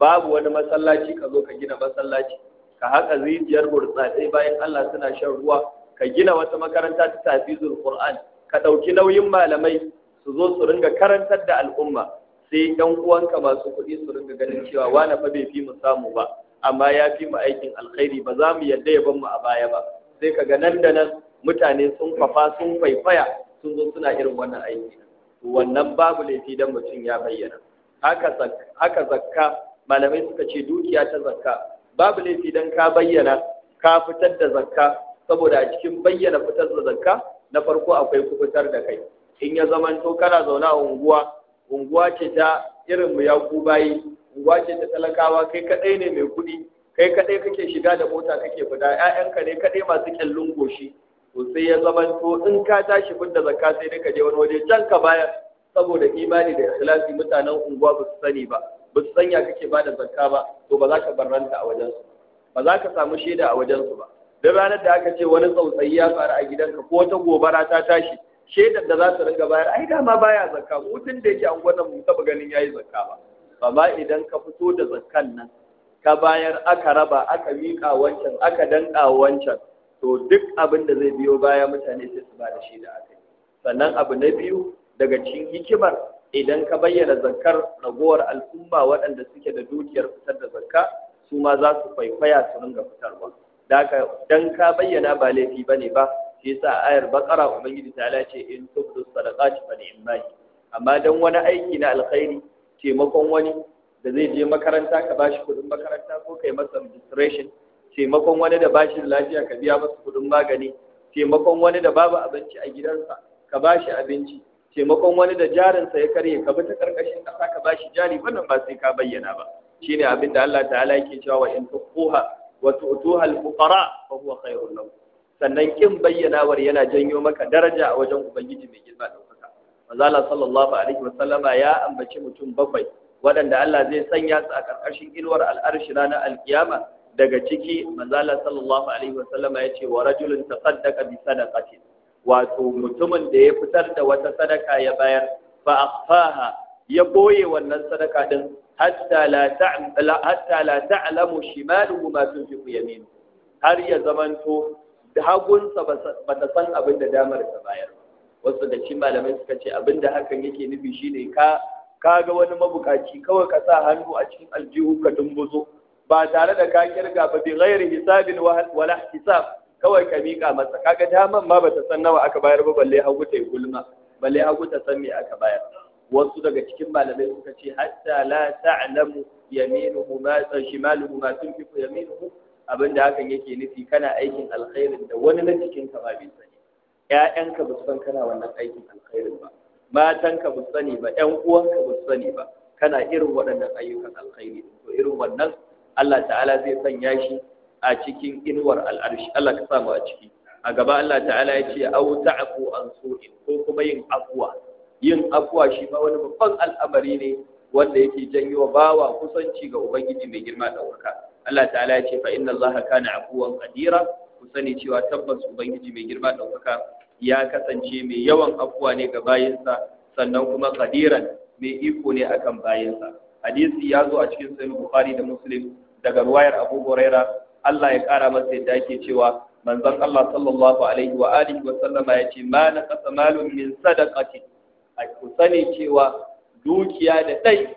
babu wani masallaci ka zo ka gina masallaci ka haka rijiyar burtsatsai bayan Allah suna shan ruwa ka gina wata makaranta ta tafizul Qur'an ka ɗauki nauyin malamai su zo su ringa karantar da al'umma sai yan uwanka masu kuɗi su ringa ganin cewa wani fa bai fi mu samu ba amma ya fi mu aikin alkhairi ba za mu yadda ya ban mu a baya ba sai ka ga nan da nan mutane sun kwafa sun faifaya sun zo suna irin wannan aiki wannan babu laifi dan mutum ya bayyana haka zakka malamai suka ce dukiya ta zakka babu laifi dan ka bayyana ka fitar da zakka saboda a cikin bayyana fitar da zakka na farko akwai kubutar da kai in ya zamanto kana zaune a unguwa unguwa ce ta irin mu ya bayi unguwa ce ta talakawa kai kadai ne mai kuɗi kai kadai kake shiga da mota kake fita ƴaƴanka ne kadai masu kyallun goshi to sai ya zamanto in ka tashi fidda zakka sai ne ka je wani waje can ka bayar saboda imani da ikhlasi mutanen unguwa ba su sani ba ba su sanya kake bada zakka ba to ba za ka barranta a wajensu ba za ka samu shaida a wajensu ba duk ranar da aka ce wani tsautsayi ya faru a gidanka ko wata gobara ta tashi shaidar da za su ringa bayar ai dama baya zakka hutun da yake an gwanan mu taba ganin yayi zakka ba amma idan ka fito da zakkan nan ka bayar aka raba aka mika wancan aka danka wancan to duk abin da zai biyo baya mutane sai su ba shi da aka sannan abu na biyu daga cikin hikimar idan ka bayyana zakkar ragowar al'umma waɗanda suke da dukiyar fitar da zakka su ma za su kwaikwaya su ringa fitarwa da dan ka bayyana ba laifi bane ba shi yasa ayar baqara ubangiji ta'ala ce in tubdu sadaqati fa imani amma dan wani aiki na alkhairi taimakon wani da zai je makaranta ka bashi kudin makaranta ko kai masa registration taimakon wani da bashi lafiya ka biya masa kudin magani taimakon wani da babu abinci a gidansa ka bashi abinci taimakon wani da jarinsa ya karye ka bi ta karkashin kasa ka bashi jari wannan ba sai ka bayyana ba shine abin da Allah ta'ala yake cewa wa in tuquha wa tu'tuha al-fuqara fa huwa khairul lakum sannan kin bayyanawar yana janyo maka daraja a wajen ubangiji mai girma da kuka manzala sallallahu alaihi wasallama ya ambaci mutum bakwai waɗanda Allah zai sanya su a ƙarƙashin inuwar al'arshi ranar alkiyama daga ciki manzala sallallahu alaihi wasallama ya ce wa rajulun tasaddaqa bi sadaqatin wato mutumin da ya fitar da wata sadaka ya bayar fa akhfaha ya boye wannan sadaka din hatta la ta'lamu hatta la ta'lamu shimaluhu ma tunfiqu yaminu har ya zamanto da hagunsa ba ta san abin da damar ta bayar wasu da shi malamai suka ce abin da hakan yake nufi shi ne. ka ga wani mabukaci kawai ka sa hannu a cikin aljihu ka dumbuzo ba tare da ka kirga ba bi ghairi hisabin wala hisab kawai ka mika masa kaga daman ma ba ta san nawa aka bayar ba balle hagu ta gulma balle hagu ta san me aka bayar wasu daga cikin malamai suka ce hatta la ta'lamu yaminuhu ma shimaluhu ma tunfiqu yaminuhu abin da hakan yake nufi kana aikin alkhairin da wani na cikin ka ba bai sani ƴaƴanka ba su san kana wannan aikin alkhairin ba matanka ba su sani ba ƴan uwanka ba su sani ba kana irin waɗannan ayyukan alkhairi to irin wannan Allah ta'ala zai sanya shi a cikin inuwar al'arshi Allah ka sa mu a ciki a gaba Allah ta'ala ya ce au ta'fu an su'in ko kuma yin afwa yin afwa shi ma wani babban al'amari ne wanda yake janyo bawa kusanci ga ubangiji mai girma da ɗaukaka Allah ta'ala ya ce fa inna Allah kana afuwan qadira ku sani cewa tabbas ubangiji mai girma daukaka ya kasance mai yawan afuwa ne ga bayinsa sannan kuma qadiran mai iko ne akan bayinsa hadisi ya zo a cikin sahih bukhari da muslim daga ruwayar abu huraira Allah ya kara masa yadda yake cewa manzon Allah sallallahu alaihi wa alihi wa sallama ya ce ma na kasa min sadaqati a ku sani cewa dukiya da dai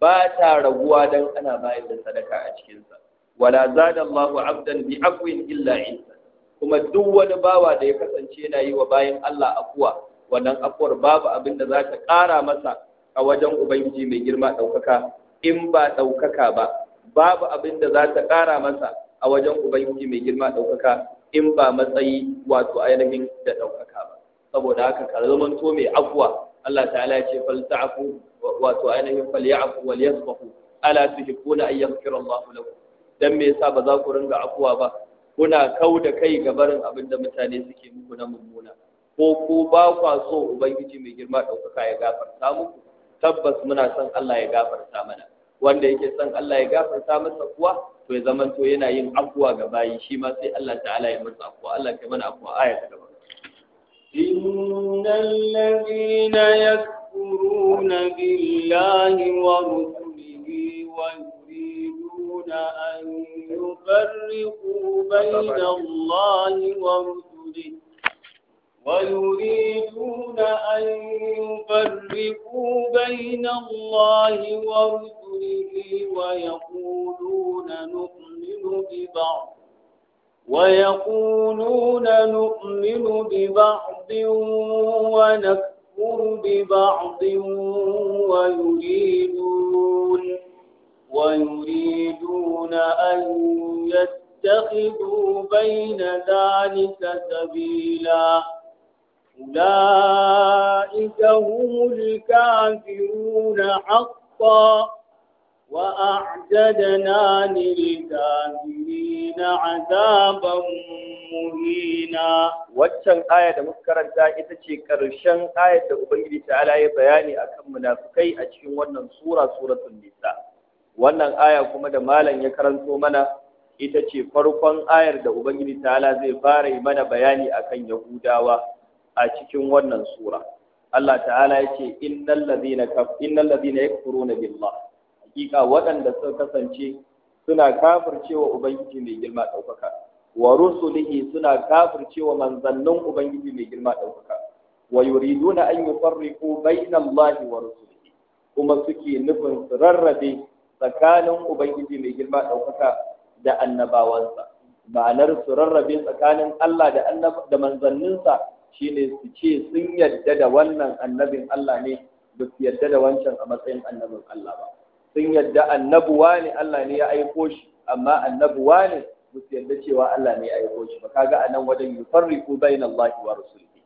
ba ta raguwa dan ana bayar da sadaka a cikinsa wala zada Allahu abdan bi afwin illa insa kuma duk wani bawa da ya kasance yana yi wa bayan Allah afuwa wannan afuwar babu abin da za ta ƙara masa a wajen Ubangiji mai girma ɗaukaka in ba ɗaukaka ba babu abin da za ta ƙara masa a wajen Ubangiji mai girma ɗaukaka in ba matsayi wato ainihin da ɗaukaka ba saboda haka ka to mai afuwa Allah ta'ala ya ce falta'afu wato ainihin wal walyasfahu ala tuhibbuna an yaghfira Allahu lakum dan me yasa ba za ku ringa afuwa ba kuna kau da kai ga barin abin da mutane suke muku na mummuna ko ku ba kwa so ubangiji mai girma ɗaukaka ya gafarta muku tabbas muna son Allah ya gafarta mana wanda yake son Allah ya gafarta masa kuwa to ya zama to yana yin afuwa ga bayi shi ma sai Allah ta'ala ya masa afuwa Allah kai mana afuwa aya ta gaba innal ladina yakfuruna billahi wa rusulihi wa أن يفرقوا بين الله ورسله ويريدون أن يفرقوا بين الله ورسله ويقولون نؤمن ببعض ويقولون نؤمن ببعض ونكفر ببعض ويريدون ويريدون أن يتخذوا بين ذلك سبيلا أولئك هم الكافرون حقا وأعتدنا للكافرين عذابا مهينا waccan aya da muka ita ce ƙarshen ayar da Ubangiji ta'ala ya bayani akan munafukai a cikin wannan sura suratul wannan aya kuma da malam ya karanto mana ita ce farkon ayar da ubangiji ta'ala zai fara yi mana bayani akan yahudawa a cikin wannan sura Allah ta'ala ya ce innal ladhina kaf innal ladhina yakfuruna billah hakika waɗanda suka kasance suna kafircewa ubangiji mai girma ɗaukaka wa rusulihi suna kafircewa manzannin ubangiji mai girma ɗaukaka wa yuriduna an yufarriqu baina wa rusulihi kuma suke nufin su rarrabe tsakanin ubangiji mai girma ɗaukaka da annabawansa ma'anar su rarrabe tsakanin Allah da da manzanninsa shine su ce sun yadda da wannan annabin Allah ne ba su yadda da wancan a matsayin annabin Allah ba sun yadda annabuwa ne Allah ne ya aiko shi amma annabuwa ne ba su yadda cewa Allah ne ya aiko shi ba kaga anan wajen yufarriqu bainallahi wa rasulihi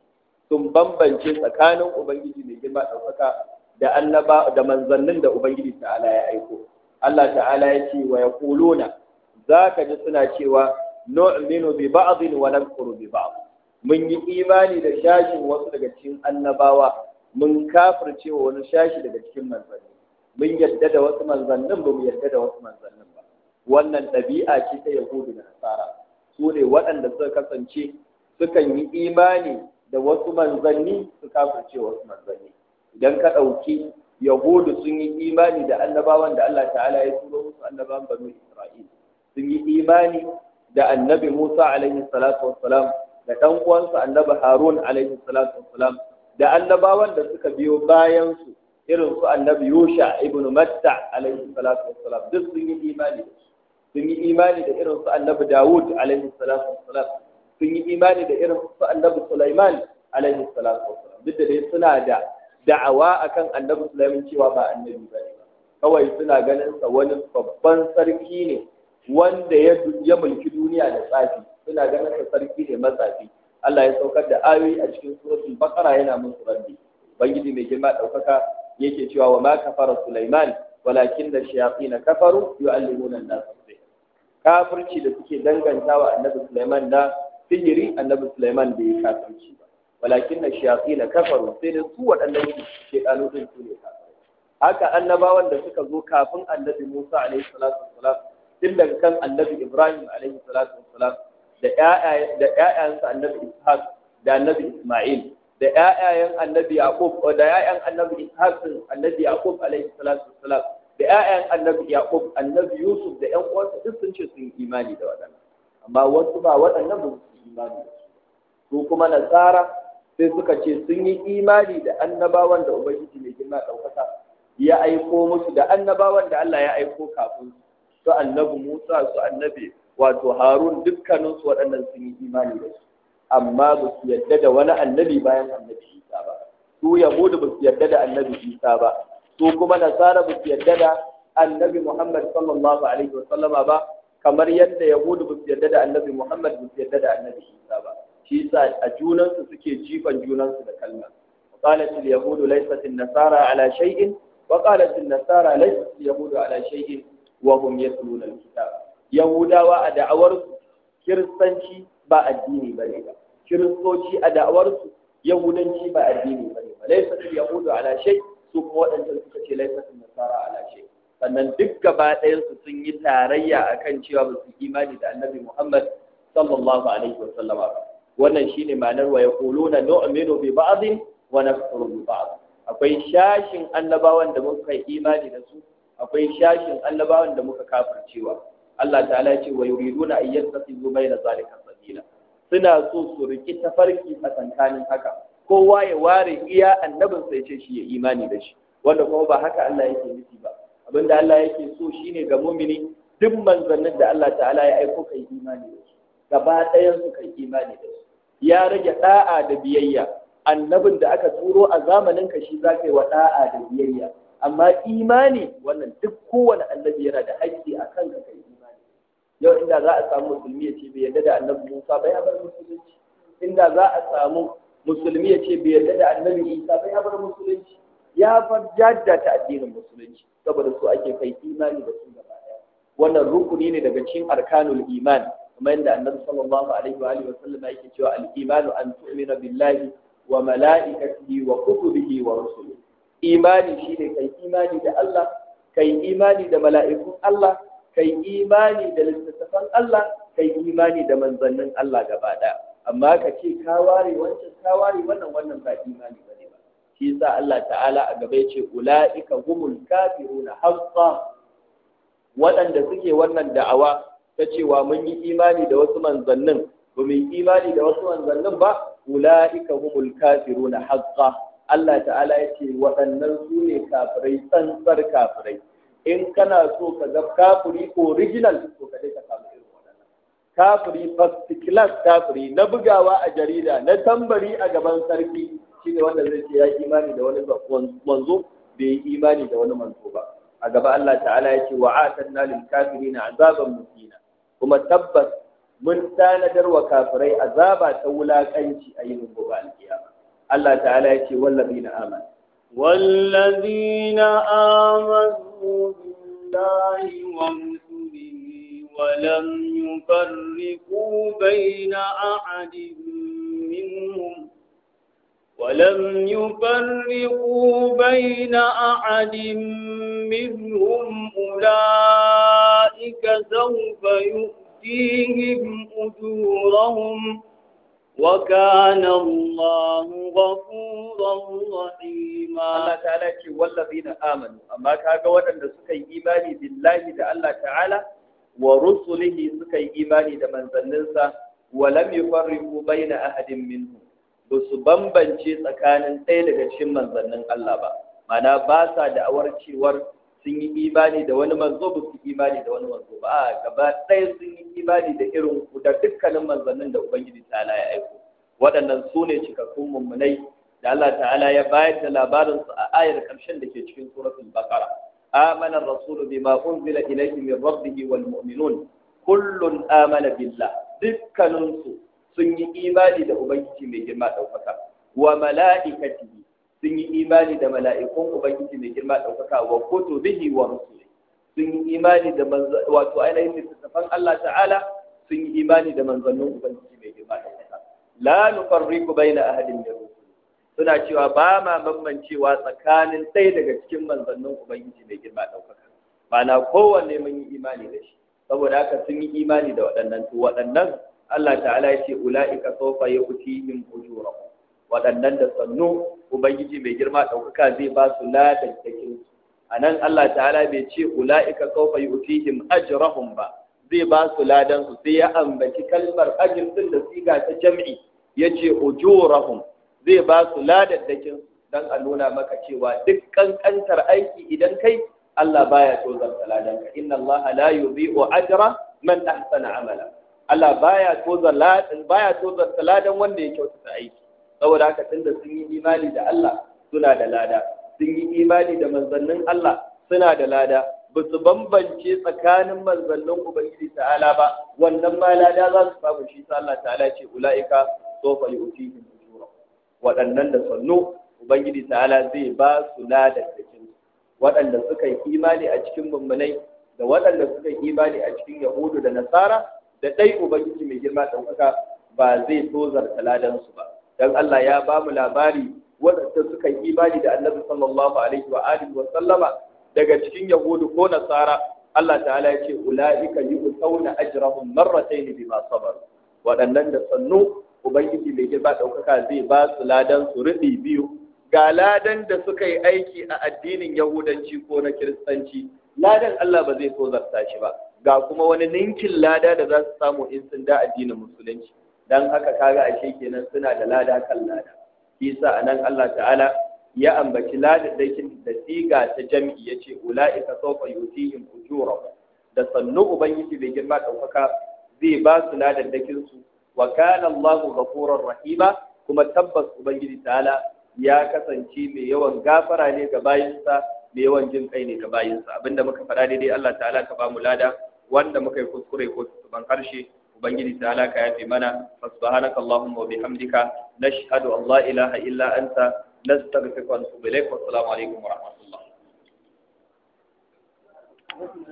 sun bambance tsakanin ubangiji mai girma ɗaukaka da annaba da manzannin da ubangiji ta'ala ya aiko Allah ta'ala ya ce wa Za ka ji suna cewa nu'minu bi ba'dhin wa nakfuru bi ba'd mun yi imani da shashin wasu daga cikin annabawa mun kafirce wa wani shashi daga cikin manzanni mun yadda da wasu manzannin ba mu yadda da wasu manzannin ba wannan ɗabi'a ce ta yahudu da nasara su ne waɗanda suka kasance sukan yi imani da wasu manzanni su kafirce wasu manzanni idan ka ɗauki yahudu sun yi imani da annabawan da Allah ta'ala ya turo musu annabawan banu Isra'il sun yi imani da annabi Musa alaihi salatu wassalam da dan uwansa annabi Harun alaihi salatu wassalam da annabawan da suka biyo bayan su irin su annabi Yusha Ibnu Matta alaihi salatu wassalam duk sun yi imani sun yi imani da irin su annabi Dawud alaihi salatu wassalam sun yi imani da irin su annabi Sulaiman alaihi salatu wassalam duk da dai suna da da'awa akan annabi sulaiman cewa ba annabi ba ne kawai suna ganin sa wani babban sarki ne wanda ya mulki duniya da tsafi suna ganin sa sarki ne matsafi Allah ya saukar da ayoyi a cikin suratul baqara yana musu rabbi Bangiji mai girma daukaka yake cewa wa ma kafara sulaiman walakin da shayatin kafaru yu'allimuna an-nas kafirci da suke dangantawa annabi sulaiman da sihiri annabi sulaiman da ya kafirci ba walakin na shafi na kafaru sai dai su waɗannan shekaru ɗin su ne haka annabawan da suka zo kafin annabi musa alaihi salatu wasalam tun daga kan annabi ibrahim alaihi salatu wasalam da ƴaƴansa annabi ishaq da annabi isma'il da 'ya'yan annabi yaqub da ƴaƴan annabi ishaq annabi yaqub alaihi salatu wasalam da ƴaƴan annabi yaqub annabi yusuf da ƴan uwansa duk sun ce sun yi imani da waɗannan amma wasu ba waɗannan ba su imani su kuma nasara sai suka ce sun yi imani da annabawan da ubangiji mai girma ɗaukaka ya aiko musu da annabawan da Allah ya aiko kafin su annabi Musa su annabi wato Harun dukkanin su waɗannan sun yi imani da su amma ba su yadda da wani annabi bayan annabi Isa ba su Yahudu ba su yadda da annabi Isa ba su kuma Nasara ba su yadda da annabi Muhammad sallallahu alaihi wa sallama ba kamar yadda Yahudu ba su yadda da annabi Muhammad ba su yadda da annabi Isa ba shi a junansu suke jifan junansu da kalma qalat al nasara ala shay'in a da'awarsu kiristanci ba addini bane ba kiristoci a da'awarsu yahudanci waɗancan suka ce laysat nasara ala shay sannan duk gaba ɗayansu sun yi tarayya akan cewa ba su imani da annabi Muhammad sallallahu wa wannan shine ma'anar wa yaquluna nu'minu bi ba'dhin wa nakfuru bi ba'd akwai shashin annabawan da muka imani da su akwai shashin annabawan da muka kafircewa Allah ta'ala ya ce wa yuriduna an yastasibu baina zalika sabila suna so su riki tafarki a tsakanin haka kowa ya ware iya annabin sai ce shi ya imani da shi wanda kuma ba haka Allah yake nufi ba abinda Allah yake so shine ga mumini duk manzannin da Allah ta'ala ya aiko kai imani da shi gaba ɗayan su kai imani da su ya rage ɗa'a da biyayya annabin da aka turo a zamanin ka shi zaka yi wa ɗa'a da biyayya amma imani wannan duk kowane annabi yana da haƙƙi a kan ka kai imani yau inda za a samu musulmi ya ce bai yarda da annabi Musa bai bar musulunci inda za a samu musulmi ya ce bai yarda da annabi Isa bai bar musulunci ya far jaddata addinin musulunci saboda su ake kai imani da su gaba ɗaya wannan rukuni ne daga cikin arkanul iman kuma yadda annabi sallallahu alaihi wa alihi wa sallam yake cewa al-imanu an tu'mina billahi wa mala'ikatihi wa kutubihi wa rusulihi imani shine kai imani da Allah kai imani da mala'ikun Allah kai imani da littattafan Allah kai imani da manzannin Allah gaba daya amma ka ce ka ware wancan ka ware wannan wannan ba imani ba ne ba shi yasa Allah ta'ala a gaba yace ula'ika humul kafiruna haqqan waɗanda suke wannan da'awa ta cewa mun yi imani da wasu manzannin ba mu yi imani da wasu manzannin ba ula'ika humul na haqqa Allah ta'ala ya ce waɗannan su ne kafirai tsantsar kafirai in kana so ka ga kafiri original to ka dai ka samu irin waɗannan kafiri first class kafiri na bugawa a jarida na tambari a gaban sarki shine wanda zai ce ya imani da wani manzo bai imani da wani manzo ba a gaba Allah ta'ala ya ce wa atanna lil kafirina azaban mudina. kuma tabbas mun tanadar wa kafirai azaba ta wulakanci a yin gobe Allah ta'ala ya ce wallazina amanu wallazina amanu billahi wa rusulihi wa lam yufarriqu baina ahadin minhum ولم يفرقوا بين أحد منهم أولئك سوف يؤتيهم أجورهم وكان الله غفورا رحيما الله تعالى والذين آمنوا أما كاغا ودن سكي إيماني بالله تعالى تعالى ورسله سكي إيماني دمن زننسا ولم يفرقوا بين أحد منهم ba su bambance tsakanin ɗaya daga cikin manzannin Allah ba mana ba sa da cewar sun yi imani da wani manzo ba su imani da wani manzo ba a gaba ɗaya sun yi imani da irin da dukkanin manzannin da ubangiji ta'ala ya aiko waɗannan su ne cikakkun mummunai da Allah ta'ala ya bayar da labarin su a ayar karshen da ke cikin suratul baqara amana ar-rasulu bima unzila ilayhi min rabbih wal mu'minun kullun amana billah dukkanin su sun yi imani da ubangiji mai girma ɗaukaka wa mala'ikatihi sun yi imani da mala'ikun ubangiji mai girma ɗaukaka wa kutubihi wa rusuli sun yi imani da wato ainihin littattafan Allah ta'ala sun yi imani da manzannin ubangiji mai girma ɗaukaka la nufarriqu baina ahadin min rusuli suna cewa ba ma bambancewa tsakanin ɗaya daga cikin manzannin ubangiji mai girma ɗaukaka Ba na kowanne mun yi imani da shi saboda haka sun yi imani da waɗannan to waɗannan Allah ta'ala ya ce ula'ika sofa ya min ujura waɗannan da sannu ubangiji mai girma ɗaukaka zai ba su ladaddakin su a nan Allah ta'ala bai ce ula'ika sofa ya ajrahum ba zai ba su ladan su sai ya ambaci kalmar ajin din da siga ta jam'i ya ce ujurahum zai ba su ladaddakin su don a nuna maka cewa duk ƙanƙantar aiki idan kai Allah baya so zarta inna Allah la yudhi'u ajra man ahsana amala Allah baya toza ladan baya toza ladan wanda ya kyautata aiki saboda haka tunda sun yi imani da Allah suna da lada sun yi imani da manzannin Allah suna da lada ba su bambance tsakanin manzannin Ubangiji ta'ala ba wannan ma lada za su samu shi sa Allah ta'ala ce ula'ika sofa yu'tihim ujura waɗannan da sannu Ubangiji ta'ala zai ba su ladan cikin waɗanda suka yi imani a cikin mummunai da waɗanda suka yi imani a cikin Yahudu da Nasara da dai ubangiji mai girma ɗaukaka ba zai tozarta ladansu ba dan Allah ya ba mu labari waɗanda suka yi imani da annabi sallallahu alaihi wa alihi wa sallama daga cikin yahudu ko nasara Allah ta'ala ya ce ula'ika yu'tawna ajrahum marratayn bima sabar waɗannan da sannu ubangiji mai girma ɗaukaka zai ba su ladan rubi biyu ga ladan da suka yi aiki a addinin yahudanci ko na kiristanci ladan Allah ba zai tozarta shi ba ga kuma wani ninkin lada da za su samu in sun da addinin musulunci dan haka kaga ashe kenan suna da lada kan lada Isa a anan Allah ta'ala ya ambaci ladaddakin da siga ta jam'i yace ulaika sawfa yutihim ujurahum da sannu ubangiji bai girma ɗaukaka zai ba su ladadakin su wa kana Allahu ghafurur rahima kuma tabbas ubangiji ta'ala ya kasance mai yawan gafara ne ga bayinsa mai yawan jin kai ne ga bayinsa abinda muka faɗa daidai Allah ta'ala ka ba mu lada wanda muka yi kuskure ko tuban harshe ubangiji ta alaka ya fi mana subhanaka allahumma wa bihamdika nashhadu an la ilaha illa anta nastaghfiruka wa natubu ilayk wa assalamu alaikum wa rahmatullah